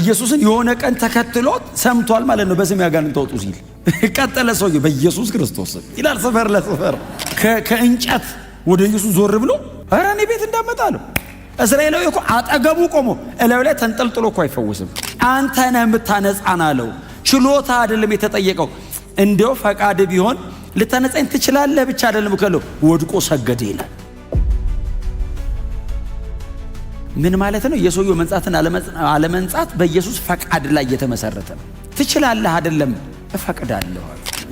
ኢየሱስን የሆነ ቀን ተከትሎት ሰምቷል ማለት ነው። በስም ያጋንንት ተወጡ ሲል ቀጠለ ሰውዬ በኢየሱስ ክርስቶስ ይላል። ሰፈር ለሰፈር ከእንጨት ወደ ኢየሱስ ዞር ብሎ ኧረ እኔ ቤት እንዳመጣ አለው። እስራኤላዊ እኮ አጠገቡ ቆሞ እላዩ ላይ ተንጠልጥሎ እኮ አይፈውስም። አንተ ነህ የምታነጻን አለው። ችሎታ አይደለም የተጠየቀው። እንዲያው ፈቃድ ቢሆን ልታነጻኝ ትችላለህ ብቻ አይደለም ከለው ወድቆ ሰገደ ይላል። ምን ማለት ነው? የሰውየው መንጻትን አለመንጻት በኢየሱስ ፈቃድ ላይ የተመሰረተ ነው። ትችላለህ አይደለም፣ እፈቅዳለሁ።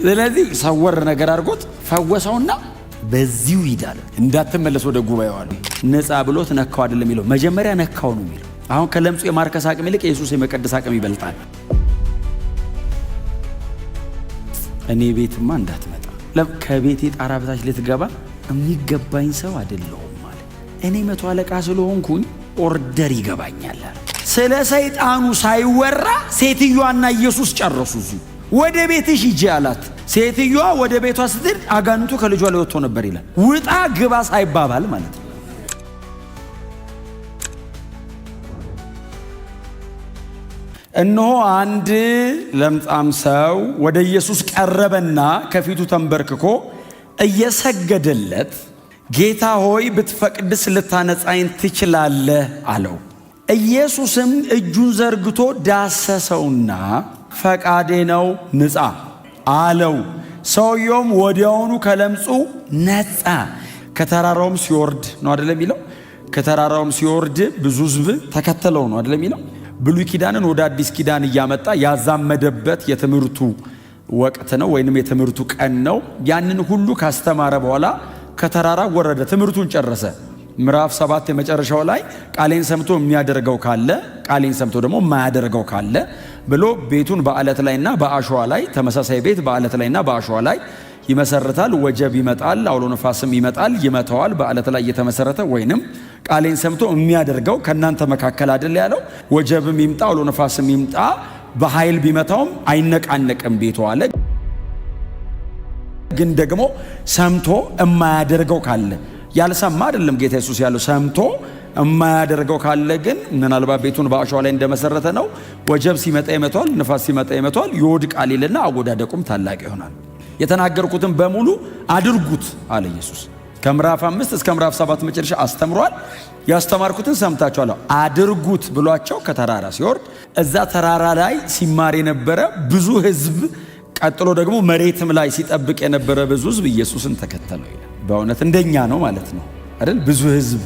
ስለዚህ ሰወር ነገር አድርጎት ፈወሰውና በዚሁ ይዳል እንዳትመለስ ወደ ጉባኤው አሉ። ነፃ ብሎት ነካው አይደለም የሚለው መጀመሪያ ነካው ነው የሚለው። አሁን ከለምጹ የማርከስ አቅም ይልቅ ኢየሱስ የመቀደስ አቅም ይበልጣል። እኔ ቤትማ እንዳትመጣ ከቤቴ ጣራ በታች ልትገባ የሚገባኝ ሰው አይደለሁም ማለት እኔ መቶ አለቃ ስለሆንኩኝ ኦርደር ይገባኛል። ስለ ሰይጣኑ ሳይወራ ሴትዮዋና ኢየሱስ ጨረሱ። እዚሁ ወደ ቤትሽ ሂጂ አላት። ሴትዮዋ ወደ ቤቷ ስትሄድ አጋንንቱ ከልጇ ላይ ወጥቶ ነበር ይላል። ውጣ ግባ ሳይባባል ማለት ነው። እነሆ አንድ ለምጻም ሰው ወደ ኢየሱስ ቀረበና ከፊቱ ተንበርክኮ እየሰገደለት ጌታ ሆይ ብትፈቅድስ ልታነጻኝ ትችላለህ አለው። ኢየሱስም እጁን ዘርግቶ ዳሰሰውና ፈቃዴ ነው ንጻ አለው። ሰውየውም ወዲያውኑ ከለምጹ ነጻ። ከተራራውም ሲወርድ ነው አደለ የሚለው? ከተራራውም ሲወርድ ብዙ ሕዝብ ተከተለው ነው አደለ የሚለው? ብሉይ ኪዳንን ወደ አዲስ ኪዳን እያመጣ ያዛመደበት የትምህርቱ ወቅት ነው፣ ወይንም የትምህርቱ ቀን ነው። ያንን ሁሉ ካስተማረ በኋላ ከተራራ ወረደ፣ ትምህርቱን ጨረሰ። ምዕራፍ ሰባት የመጨረሻው ላይ ቃሌን ሰምቶ የሚያደርገው ካለ ቃሌን ሰምቶ ደግሞ የማያደርገው ካለ ብሎ ቤቱን በአለት ላይና በአሸዋ ላይ ተመሳሳይ ቤት በአለት ላይና በአሸዋ ላይ ይመሰረታል። ወጀብ ይመጣል፣ አውሎ ነፋስም ይመጣል፣ ይመተዋል። በአለት ላይ እየተመሰረተ ወይንም ቃሌን ሰምቶ የሚያደርገው ከእናንተ መካከል አይደል ያለው። ወጀብም ይምጣ አውሎ ነፋስም ይምጣ በኃይል ቢመታውም አይነቃነቅም ቤቱ አለ። ግን ደግሞ ሰምቶ እማያደርገው ካለ ያልሰማ አይደለም ጌታ ኢየሱስ ያለው ሰምቶ እማያደርገው ካለ ግን ምናልባት ቤቱን በአሸዋ ላይ እንደመሰረተ ነው። ወጀብ ሲመጣ ይመቷል፣ ንፋስ ሲመጣ ይመቷል፣ ይወድቃል ይልና አወዳደቁም ታላቅ ይሆናል። የተናገርኩትን በሙሉ አድርጉት አለ ኢየሱስ። ከምዕራፍ አምስት እስከ ምዕራፍ ሰባት መጨረሻ አስተምሯል። ያስተማርኩትን ሰምታችኋል፣ አድርጉት ብሏቸው ከተራራ ሲወርድ እዛ ተራራ ላይ ሲማር የነበረ ብዙ ሕዝብ ቀጥሎ ደግሞ መሬትም ላይ ሲጠብቅ የነበረ ብዙ ህዝብ ኢየሱስን ተከተለው ይላል። በእውነት እንደኛ ነው ማለት ነው አይደል? ብዙ ህዝብ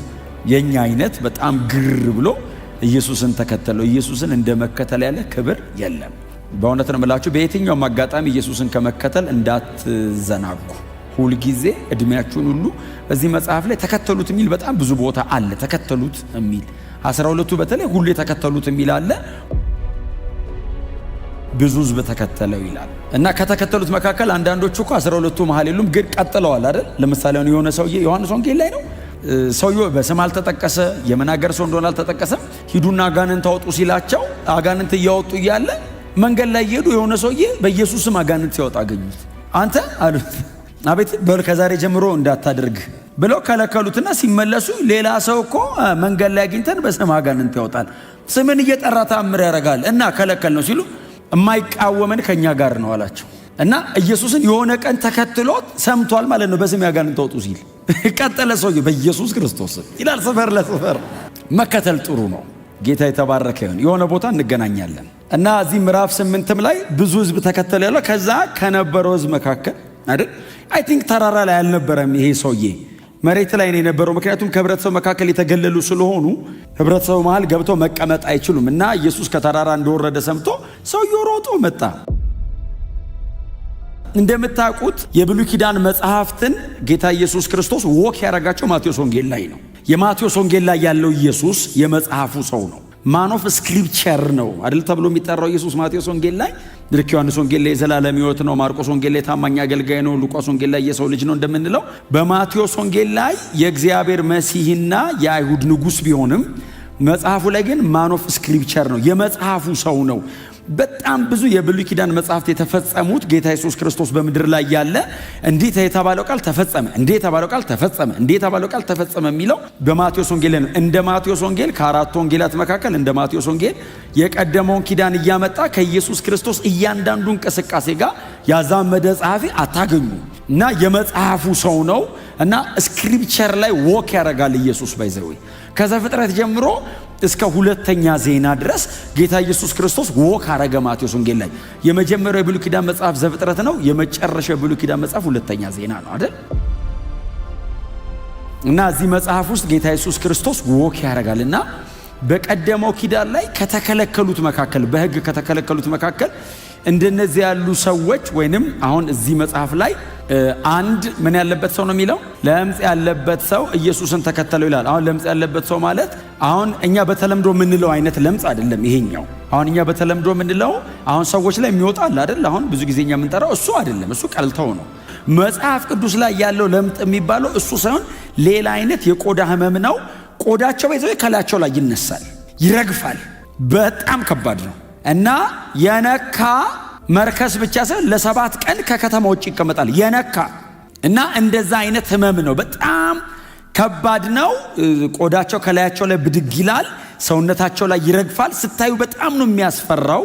የኛ አይነት በጣም ግር ብሎ ኢየሱስን ተከተለው። ኢየሱስን እንደ መከተል ያለ ክብር የለም። በእውነት ነው የምላችሁ፣ በየትኛውም አጋጣሚ ኢየሱስን ከመከተል እንዳትዘናጉ። ሁልጊዜ እድሜያችሁን ሁሉ እዚህ መጽሐፍ ላይ ተከተሉት የሚል በጣም ብዙ ቦታ አለ። ተከተሉት የሚል አስራ ሁለቱ በተለይ ሁሉ የተከተሉት የሚል አለ። ብዙ ህዝብ ተከተለው ይላል እና ከተከተሉት መካከል አንዳንዶቹ እኮ አስራ ሁለቱ መሀል የሉም፣ ግን ቀጥለዋል አይደል? ለምሳሌ የሆነ ሰውዬ ዮሐንስ ወንጌል ላይ ነው ሰውዬ በስም አልተጠቀሰ፣ የመናገር ሰው እንደሆነ አልተጠቀሰም። ሂዱና አጋንንት አውጡ ሲላቸው አጋንንት እያወጡ እያለ መንገድ ላይ እየሄዱ የሆነ ሰውዬ በኢየሱስም አጋንንት ሲያወጣ አገኙት። አንተ አሉት አቤት በል ከዛሬ ጀምሮ እንዳታደርግ ብለው ከለከሉትና ሲመለሱ ሌላ ሰው እኮ መንገድ ላይ አግኝተን በስም አጋንንት ያወጣል፣ ስምን እየጠራ ተአምር ያደርጋል እና ከለከል ነው ሲሉ የማይቃወመን ከእኛ ጋር ነው አላቸው። እና ኢየሱስን የሆነ ቀን ተከትሎት ሰምቷል ማለት ነው። በስሜ አጋንንት ተወጡ ሲል ቀጠለ ሰውዬው በኢየሱስ ክርስቶስ ይላል። ሰፈር ለሰፈር መከተል ጥሩ ነው። ጌታ የተባረከ ይሁን። የሆነ ቦታ እንገናኛለን እና እዚህ ምዕራፍ ስምንትም ላይ ብዙ ህዝብ ተከተለ ያለው ከዛ ከነበረው ህዝብ መካከል አይደል አይ ቲንክ ተራራ ላይ አልነበረም ይሄ ሰውዬ መሬት ላይ ነው የነበረው። ምክንያቱም ከህብረተሰቡ መካከል የተገለሉ ስለሆኑ ህብረተሰቡ መሃል ገብቶ መቀመጥ አይችሉም እና ኢየሱስ ከተራራ እንደወረደ ሰምቶ ሰውየው ሮጦ መጣ። እንደምታውቁት የብሉይ ኪዳን መጽሐፍትን ጌታ ኢየሱስ ክርስቶስ ወክ ያደረጋቸው ማቴዎስ ወንጌል ላይ ነው። የማቴዎስ ወንጌል ላይ ያለው ኢየሱስ የመጽሐፉ ሰው ነው። ማን ኦፍ ስክሪፕቸር ነው አይደል ተብሎ የሚጠራው ኢየሱስ ማቴዎስ ወንጌል ላይ ልክ ዮሐንስ ወንጌል ላይ የዘላለም ህይወት ነው፣ ማርቆስ ወንጌል ላይ ታማኝ አገልጋይ ነው፣ ሉቃስ ወንጌል ላይ የሰው ልጅ ነው እንደምንለው በማቴዎስ ወንጌል ላይ የእግዚአብሔር መሲህና የአይሁድ ንጉስ ቢሆንም መጽሐፉ ላይ ግን ማን ኦፍ ስክሪፕቸር ነው፣ የመጽሐፉ ሰው ነው። በጣም ብዙ የብሉይ ኪዳን መጽሐፍት የተፈጸሙት ጌታ ኢየሱስ ክርስቶስ በምድር ላይ ያለ እንዲህ የተባለው ቃል ተፈጸመ፣ እንዲህ የተባለው ቃል ተፈጸመ፣ እንዲህ የተባለው ቃል ተፈጸመ የሚለው በማቴዎስ ወንጌል ነው። እንደ ማቴዎስ ወንጌል ከአራት ወንጌላት መካከል እንደ ማቴዎስ ወንጌል የቀደመውን ኪዳን እያመጣ ከኢየሱስ ክርስቶስ እያንዳንዱ እንቅስቃሴ ጋር ያዛመደ ጸሐፊ አታገኙ እና የመጽሐፉ ሰው ነው እና ስክሪፕቸር ላይ ወክ ያደርጋል ኢየሱስ ባይዘወይ ከዘፍጥረት ጀምሮ እስከ ሁለተኛ ዜና ድረስ ጌታ ኢየሱስ ክርስቶስ ወክ አረገ። ማቴዎስ ወንጌል ላይ የመጀመሪያው የብሉይ ኪዳን መጽሐፍ ዘፍጥረት ነው። የመጨረሻው የብሉይ ኪዳን መጽሐፍ ሁለተኛ ዜና ነው አይደል? እና እዚህ መጽሐፍ ውስጥ ጌታ ኢየሱስ ክርስቶስ ወክ ያደርጋል እና በቀደመው ኪዳን ላይ ከተከለከሉት መካከል በህግ ከተከለከሉት መካከል እንደነዚህ ያሉ ሰዎች ወይንም አሁን እዚህ መጽሐፍ ላይ አንድ ምን ያለበት ሰው ነው የሚለው ለምጽ ያለበት ሰው ኢየሱስን ተከተለው ይላል። አሁን ለምጽ ያለበት ሰው ማለት አሁን እኛ በተለምዶ የምንለው አይነት ለምጽ አይደለም ይሄኛው። አሁን እኛ በተለምዶ የምንለው አሁን ሰዎች ላይ የሚወጣል አይደል? አሁን ብዙ ጊዜ እኛ የምንጠራው እሱ አይደለም። እሱ ቀልተው ነው። መጽሐፍ ቅዱስ ላይ ያለው ለምጥ የሚባለው እሱ ሳይሆን ሌላ አይነት የቆዳ ህመም ነው። ቆዳቸው ይዘው ከላያቸው ላይ ይነሳል፣ ይረግፋል። በጣም ከባድ ነው እና የነካ መርከስ ብቻ ሳይሆን ለሰባት ቀን ከከተማ ውጭ ይቀመጣል የነካ እና እንደዛ አይነት ህመም ነው። በጣም ከባድ ነው። ቆዳቸው ከላያቸው ላይ ብድግ ይላል፣ ሰውነታቸው ላይ ይረግፋል። ስታዩ በጣም ነው የሚያስፈራው።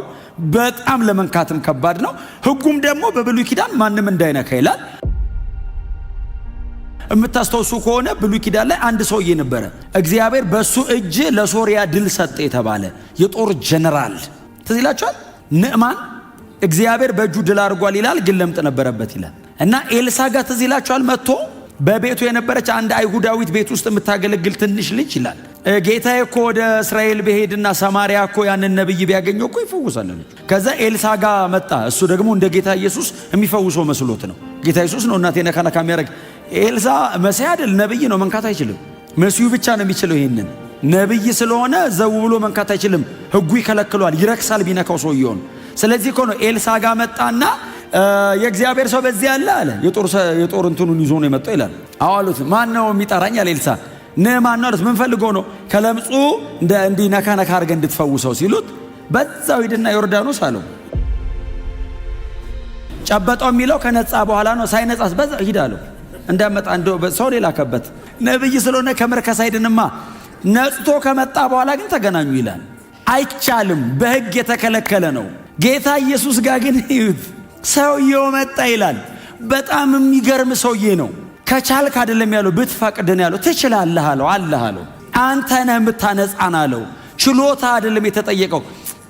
በጣም ለመንካትም ከባድ ነው። ህጉም ደግሞ በብሉይ ኪዳን ማንም እንዳይነካ ይላል። የምታስታውሱ ከሆነ ብሉይ ኪዳን ላይ አንድ ሰውዬ ነበረ እግዚአብሔር በእሱ እጅ ለሶሪያ ድል ሰጠ የተባለ የጦር ጀነራል ትዝ ይላችኋል። ንዕማን እግዚአብሔር በእጁ ድል አድርጓል ይላል፣ ግን ለምጥ ነበረበት ይላል እና ኤልሳ ጋር ትዝ ይላችኋል። መጥቶ በቤቱ የነበረች አንድ አይሁዳዊት ቤት ውስጥ የምታገለግል ትንሽ ልጅ ይላል ጌታዬ እኮ ወደ እስራኤል ብሄድና ሰማሪያ እኮ ያንን ነብይ ቢያገኘው እኮ ይፈውሳል አለች። ከዛ ኤልሳ ጋር መጣ። እሱ ደግሞ እንደ ጌታ ኢየሱስ የሚፈውሰው መስሎት ነው። ጌታ ኢየሱስ ነው እናቴ ነካ ነካ የሚያደርግ። ኤልሳ መሳይ አይደል፣ ነብይ ነው። መንካት አይችልም። መሲሁ ብቻ ነው የሚችለው። ይህንን ነብይ ስለሆነ ዘው ብሎ መንካት አይችልም። ህጉ ይከለክሏል፣ ይረክሳል ቢነካው ሰውየውን ስለዚህ እኮ ነው ኤልሳ ጋር መጣና የእግዚአብሔር ሰው በዚህ አለ አለ። የጦር እንትኑን ይዞ ነው የመጣው ይላል። አዋሉት ማን ነው የሚጠራኝ አለ ኤልሳ። ንዕማን ነው አሉት። ምን ፈልጎ ነው? ከለምጹ እንዲህ ነካ ነካ አድርገህ እንድትፈውሰው ሲሉት በዛው ሂድና ዮርዳኖስ አለው። ጨበጠው የሚለው ከነጻ በኋላ ነው። ሳይነጻስ በዛ ሂድ አለው። እንዳመጣ እንደ ሰው ሌላከበት ነብይ ስለሆነ ከመርከስ አይድንማ። ነጽቶ ከመጣ በኋላ ግን ተገናኙ ይላል። አይቻልም። በህግ የተከለከለ ነው። ጌታ ኢየሱስ ጋር ግን እዩት፣ ሰውየው መጣ ይላል። በጣም የሚገርም ሰውዬ ነው። ከቻልክ አደለም ያለው ብትፈቅድን ያለው ትችላለህ አለው። አለህ አለው። አንተ ነህ የምታነጻን አለው። ችሎታ አደለም የተጠየቀው።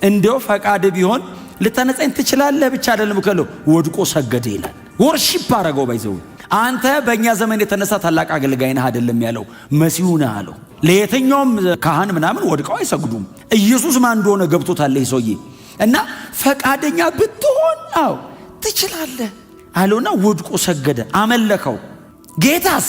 እንዲያው ፈቃድ ቢሆን ልታነጻኝ ትችላለህ ብቻ አደለም ከለው፣ ወድቆ ሰገደ ይላል። ወርሺፕ አረገው። ባይዘው አንተ በእኛ ዘመን የተነሳ ታላቅ አገልጋይ ነህ አደለም ያለው፣ መሲሁ ነህ አለው። ለየትኛውም ካህን ምናምን ወድቀው አይሰግዱም። ኢየሱስ ማን እንደሆነ ገብቶታል ይህ ሰውዬ እና ፈቃደኛ ብትሆን አው ትችላለህ አለውና ወድቆ ሰገደ፣ አመለከው። ጌታስ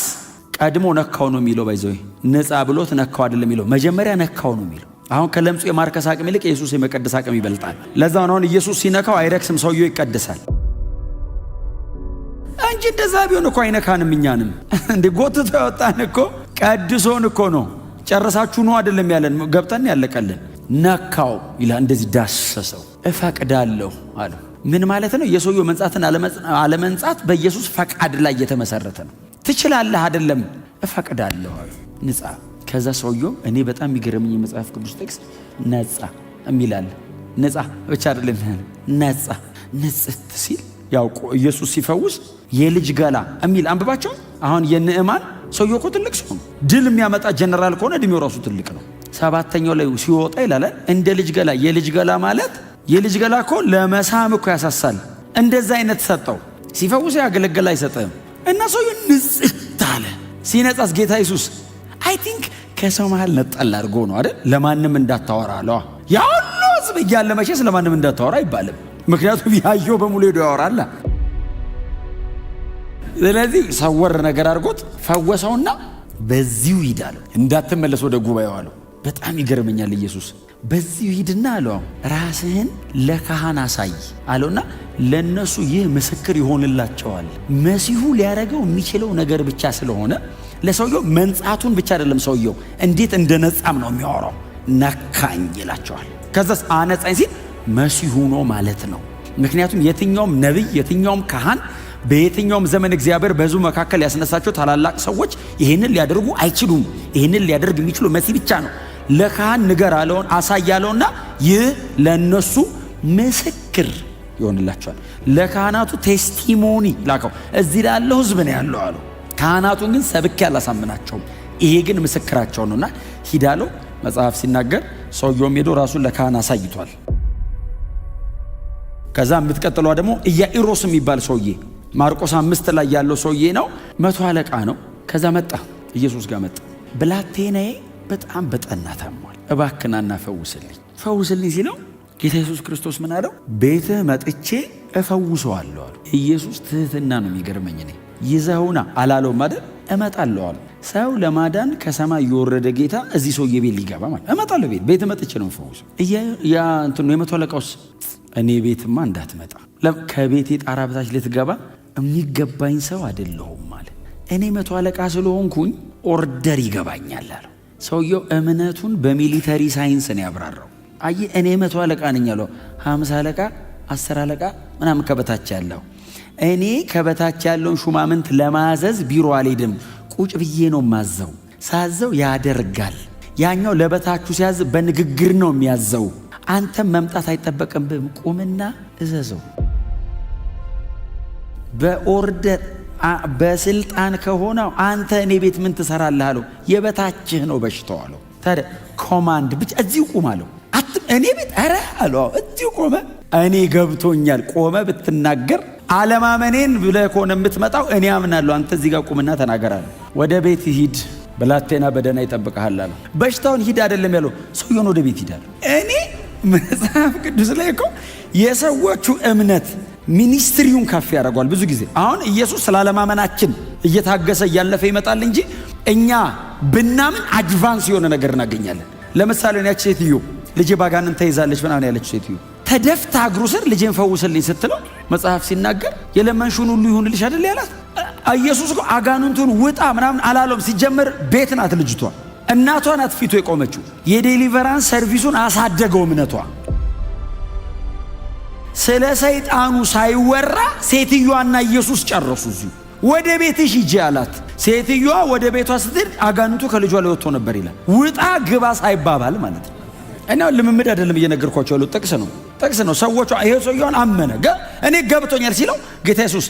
ቀድሞ ነካው ነው የሚለው። ባይዘው ነፃ ብሎት ነካው አይደለም የሚለው፣ መጀመሪያ ነካው ነው የሚለው። አሁን ከለምጹ የማርከስ አቅም ይልቅ ኢየሱስ የመቀደስ አቅም ይበልጣል። ለዛ ነው አሁን ኢየሱስ ሲነካው አይረክስም፣ ሰውየው ይቀደሳል እንጂ እንደዛ ቢሆን እኮ አይነካንም። እኛንም እንደ ጎትቶ ያወጣን እኮ ቀድሶን እኮ ነው። ጨረሳችሁ ነው አይደለም ያለን፣ ገብተን ያለቀልን ነካው ይላል። እንደዚህ ዳሰሰው። እፈቅዳለሁ አለ። ምን ማለት ነው? የሰውየው መንጻትን አለመንጻት በኢየሱስ ፈቃድ ላይ የተመሰረተ ነው። ትችላለህ አይደለም፣ እፈቅዳለሁ አለ። ንጻ ከዛ ሰውየው እኔ በጣም የሚገርምኝ የመጽሐፍ ቅዱስ ጥቅስ ነጻ የሚላለ ነጻ ብቻ አይደለም፣ ነጻ ንጽት ሲል ያው ኢየሱስ ሲፈውስ የልጅ ገላ የሚል አንብባቸው። አሁን የንዕማን ሰውየው እኮ ትልቅ ሰው ነው። ድል የሚያመጣ ጀነራል ከሆነ እድሜው ራሱ ትልቅ ነው። ሰባተኛው ላይ ሲወጣ ይላል እንደ ልጅ ገላ። የልጅ ገላ ማለት የልጅ ገላ እኮ ለመሳም እኮ ያሳሳል። እንደዛ አይነት ሰጠው። ሲፈውስ ያገለገል አይሰጥም። እና ሰውዬው ንጽሕት አለ። ሲነጻስ ጌታ ኢየሱስ አይ ቲንክ ከሰው መሃል ነጠል አድርጎ ነው አይደል? ለማንም እንዳታወራ አለ። ያ ሁሉ ሕዝብ እያለ መቼስ ለማንም እንዳታወራ አይባልም። ምክንያቱም ያየው በሙሉ ሄዶ ያወራላ። ስለዚህ ሰወር ነገር አድርጎት ፈወሰውና በዚሁ ይዳል እንዳትመለስ ወደ ጉባኤው አለው። በጣም ይገርመኛል። ኢየሱስ በዚህ ሂድና አለው ራስህን ለካህን አሳይ አለውና ለእነሱ ይህ ምስክር ይሆንላቸዋል። መሲሁ ሊያደርገው የሚችለው ነገር ብቻ ስለሆነ ለሰውየው መንጻቱን ብቻ አይደለም፣ ሰውየው እንዴት እንደነጻም ነው የሚያወራው። ነካኝ ይላቸዋል። ከዛስ አነጻኝ ሲል መሲሁ ነው ማለት ነው። ምክንያቱም የትኛውም ነቢይ የትኛውም ካህን በየትኛውም ዘመን እግዚአብሔር በሕዝቡ መካከል ያስነሳቸው ታላላቅ ሰዎች ይህንን ሊያደርጉ አይችሉም። ይህንን ሊያደርግ የሚችሉ መሲህ ብቻ ነው። ለካህን ንገር አለውን አሳያለውና ይህ ለእነሱ ምስክር ይሆንላቸዋል። ለካህናቱ ቴስቲሞኒ ላከው። እዚህ ላለው ህዝብ ነው ያለው አሉ። ካህናቱን ግን ሰብኬ አላሳምናቸውም። ይሄ ግን ምስክራቸው ነውና ሂዳለው መጽሐፍ ሲናገር ሰውየውም ሄዶ ራሱን ለካህን አሳይቷል። ከዛ የምትቀጥሏ ደግሞ ኢያኢሮስ የሚባል ሰውዬ ማርቆስ አምስት ላይ ያለው ሰውዬ ነው። መቶ አለቃ ነው። ከዛ መጣ ኢየሱስ ጋር መጣ ብላቴናዬ በጣም በጠና ታሟል፣ እባክናና ፈውስልኝ ፈውስልኝ ሲለው ጌታ ኢየሱስ ክርስቶስ ምን አለው? ቤትህ መጥቼ እፈውሰዋለሁ አሉ። ኢየሱስ ትህትና ነው የሚገርመኝ። እኔ ይዘውና አላለውም አይደል? እመጣለሁ አሉ። ሰው ለማዳን ከሰማይ የወረደ ጌታ እዚህ ሰውዬ ቤት ሊገባ ማለት እመጣለሁ፣ ቤት ቤት መጥቼ ነው ፈውሱ። ያ እንትን ነው የመቶ አለቃውስ እኔ ቤትማ እንዳትመጣ ከቤቴ ጣራ በታች ልትገባ የሚገባኝ ሰው አይደለሁም አለ። እኔ መቶ አለቃ ስለሆንኩኝ ኦርደር ይገባኛል አለ ሰውየው እምነቱን በሚሊተሪ ሳይንስ ነው ያብራራው። አይ እኔ መቶ አለቃ ነኝ ያለው ሀምሳ አለቃ፣ አስር አለቃ ምናምን ከበታች ያለው እኔ ከበታች ያለውን ሹማምንት ለማዘዝ ቢሮ አልሄድም። ቁጭ ብዬ ነው ማዘው። ሳዘው ያደርጋል። ያኛው ለበታቹ ሲያዝ በንግግር ነው የሚያዘው። አንተም መምጣት አይጠበቅም፣ ቁምና እዘዘው በኦርደር በስልጣን ከሆነ አንተ እኔ ቤት ምን ትሰራለህ አለው። የበታችህ ነው በሽታው አለው። ታዲያ ኮማንድ ብቻ እዚሁ ቁም አለው። እኔ ቤት ኧረ አለው እዚሁ ቆመ። እኔ ገብቶኛል ቆመ ብትናገር አለማመኔን ብለህ ከሆነ የምትመጣው እኔ አምናለሁ። አንተ እዚህ ጋር ቁምና ተናገር ወደ ቤት ሂድ ብላቴና በደህና ይጠብቀሃል አለው። በሽታውን ሂድ አይደለም ያለው ሰውየውን ወደ ቤት ሂድ እኔ መጽሐፍ ቅዱስ ላይ እኮ የሰዎቹ እምነት ሚኒስትሪውን ከፍ ያደርጓል። ብዙ ጊዜ አሁን ኢየሱስ ስላለማመናችን እየታገሰ እያለፈ ይመጣል እንጂ እኛ ብናምን አድቫንስ የሆነ ነገር እናገኛለን። ለምሳሌ ያች ሴትዮ ልጄ ባጋንን ተይዛለች ምናምን ያለች ሴትዮ ተደፍታ እግሩ ስር ልጄን ፈውስልኝ ስትለው መጽሐፍ ሲናገር የለመንሽውን ሁሉ ይሁንልሽ አይደል ያላት። ኢየሱስ አጋንንቱን ውጣ ምናምን አላለም ሲጀመር ቤት ናት ልጅቷ፣ እናቷ ናት ፊቱ የቆመችው። የዴሊቨራንስ ሰርቪሱን አሳደገው እምነቷ ስለ ሰይጣኑ ሳይወራ ሴትዮዋና ኢየሱስ ጨረሱ። እዚሁ ወደ ቤትሽ ሂጂ አላት። ሴትዮዋ ወደ ቤቷ ስትሄድ አጋንንቱ ከልጇ ላይ ወጥቶ ነበር ይላል። ውጣ ግባ ሳይባባል ማለት ነው። እና ልምምድ አይደለም እየነገርኳቸው ያሉት ጥቅስ ነው፣ ጥቅስ ነው። ሰዎቿ ይሄ ሰውየዋን አመነ። እኔ ገብቶኛል ሲለው ጌታ ኢየሱስ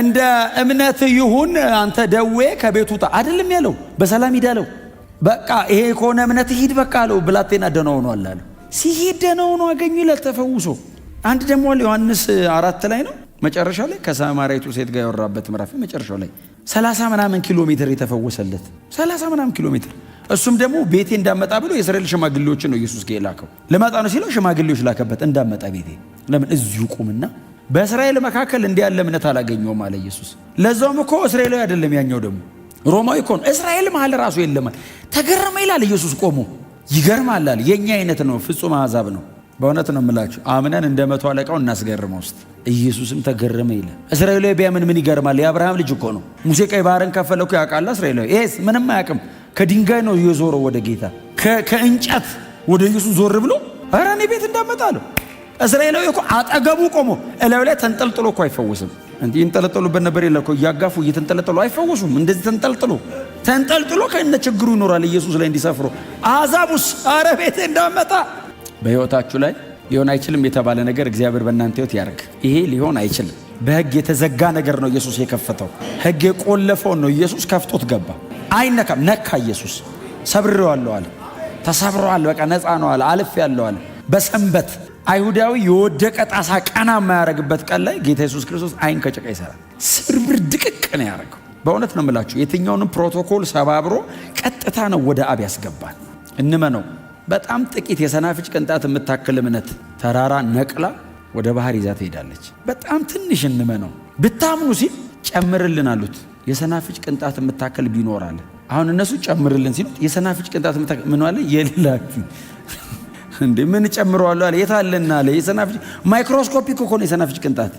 እንደ እምነት ይሁን አንተ ደዌ ከቤት ውጣ አይደለም ያለው፣ በሰላም ሂድ አለው። በቃ ይሄ ከሆነ እምነት ሂድ በቃ አለው። ብላቴና ደህና ሆኗል አለ። ሲሄድ ደህና ሆኖ አገኙ ይላል ተፈውሶ አንድ ደግሞ ዮሐንስ አራት ላይ ነው መጨረሻ ላይ ከሳማሪቱ ሴት ጋር ያወራበት ምዕራፍ መጨረሻ ላይ ሰላሳ ምናምን ኪሎ ሜትር የተፈወሰለት ሰላሳ ምናምን ኪሎ ሜትር እሱም ደግሞ ቤቴ እንዳመጣ ብሎ የእስራኤል ሽማግሌዎችን ነው ኢየሱስ ጋር የላከው። ልመጣ ነው ሲለው ሽማግሌዎች ላከበት፣ እንዳመጣ ቤቴ ለምን እዚሁ ቁምና በእስራኤል መካከል እንዲህ ያለ እምነት አላገኘውም አለ ኢየሱስ። ለዛውም እኮ እስራኤላዊ አይደለም ያኛው ደግሞ ሮማዊ እኮ ነው። እስራኤል መሀል ራሱ የለማል። ተገረመ ይላል ኢየሱስ ቆሞ። ይገርማል አለ። የእኛ አይነት ነው፣ ፍጹም አሕዛብ ነው። በእውነት ነው የምላችሁ። አምነን እንደ መቶ አለቃው እናስገርመ ውስጥ ኢየሱስም ተገረመ ይላል። እስራኤላዊ ቢያምን ምን ይገርማል? የአብርሃም ልጅ እኮ ነው። ሙሴ ቀይ ባህርን ከፈለ እኮ ያውቃል። እስራኤላዊ ይሄስ ምንም አያውቅም። ከድንጋይ ነው እየዞረው ወደ ጌታ፣ ከእንጨት ወደ ኢየሱስ ዞር ብሎ ኧረ እኔ ቤት እንዳመጣለሁ። እስራኤላዊ እኮ አጠገቡ ቆሞ እላዩ ላይ ተንጠልጥሎ እኮ አይፈወስም። እንዲህ ይንጠለጠሉበት ነበር የለ እኮ እያጋፉ እየተንጠለጠሉ አይፈወሱም። እንደዚህ ተንጠልጥሎ ተንጠልጥሎ ከነ ችግሩ ይኖራል ኢየሱስ ላይ እንዲሰፍሮ አዛቡስ ውስጥ እንዳመጣ በህይወታችሁ ላይ ሊሆን አይችልም የተባለ ነገር እግዚአብሔር በእናንተ ህይወት ያደርግ። ይሄ ሊሆን አይችልም። በህግ የተዘጋ ነገር ነው ኢየሱስ የከፈተው። ህግ የቆለፈውን ነው ኢየሱስ ከፍቶት ገባ። አይነካም። ነካ። ኢየሱስ ሰብሬዋለሁ አለ። ተሰብረዋል። በቃ ነፃ ነው አለ። አልፌያለሁ አለ። በሰንበት አይሁዳዊ የወደቀ ጣሳ ቀና የማያደርግበት ቀን ላይ ጌታ ኢየሱስ ክርስቶስ አይን ከጭቃ ይሰራል። ስብርብር ድቅቅ ነው ያደረገው። በእውነት ነው የምላችሁ፣ የትኛውንም ፕሮቶኮል ሰባብሮ ቀጥታ ነው ወደ አብ ያስገባል። እንመነው። በጣም ጥቂት የሰናፍጭ ቅንጣት የምታክል እምነት ተራራ ነቅላ ወደ ባህር ይዛ ትሄዳለች። በጣም ትንሽ እንመነው ብታምኑ ሲል ጨምርልን አሉት። የሰናፍጭ ቅንጣት የምታክል ቢኖር አለ። አሁን እነሱ ጨምርልን ሲሉት የሰናፍጭ ቅንጣት ምን አለ የሌላችሁ እንዴ ምን ጨምረዋለሁ አለ። የታለና አለ የሰናፍጭ ማይክሮስኮፒክ እኮ ነው የሰናፍጭ ቅንጣት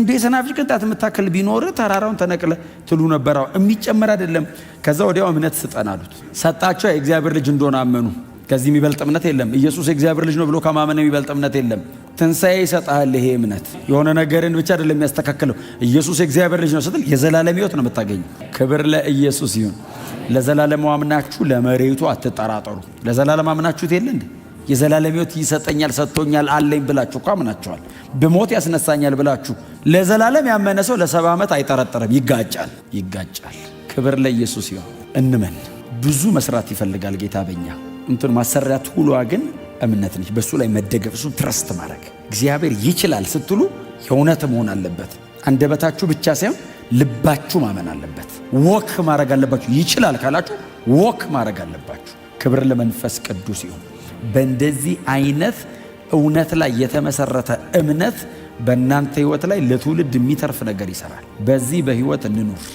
እንደ የሰናፍጭ ቅንጣት የምታክል ቢኖር ተራራውን ተነቅለ ትሉ ነበረ። የሚጨምር አይደለም። ከዛ ወዲያው እምነት ስጠን አሉት። ሰጣቸው። የእግዚአብሔር ልጅ እንደሆነ አመኑ። ከዚህ የሚበልጥ እምነት የለም። ኢየሱስ የእግዚአብሔር ልጅ ነው ብሎ ከማመን የሚበልጥ እምነት የለም። ትንሣኤ ይሰጣል ይሄ እምነት የሆነ ነገርን ብቻ አይደለም የሚያስተካክለው። ኢየሱስ የእግዚአብሔር ልጅ ነው ስትል የዘላለም ሕይወት ነው የምታገኘው። ክብር ለኢየሱስ ይሁን። ለዘላለም አምናችሁ ለመሬቱ አትጠራጠሩ። ለዘላለም አምናችሁት የለ እንዴ? የዘላለም ሕይወት ይሰጠኛል ሰጥቶኛል አለኝ ብላችሁ እኮ አምናችኋል። ብሞት ያስነሳኛል ብላችሁ ለዘላለም ያመነ ሰው ለሰባ ዓመት አይጠረጠርም። ይጋጫል፣ ይጋጫል። ክብር ለኢየሱስ ይሁን። እንመን። ብዙ መስራት ይፈልጋል ጌታ በኛ እንትን ማሰራት ሁሏ ግን እምነት ነች። በእሱ ላይ መደገፍ፣ እሱ ትረስት ማድረግ እግዚአብሔር ይችላል ስትሉ የእውነት መሆን አለበት። አንደበታችሁ ብቻ ሳይሆን ልባችሁ ማመን አለበት። ወክ ማድረግ አለባችሁ። ይችላል ካላችሁ ወክ ማድረግ አለባችሁ። ክብር ለመንፈስ ቅዱስ ይሁን። በእንደዚህ አይነት እውነት ላይ የተመሰረተ እምነት በእናንተ ህይወት ላይ ለትውልድ የሚተርፍ ነገር ይሰራል። በዚህ በህይወት እንኑር።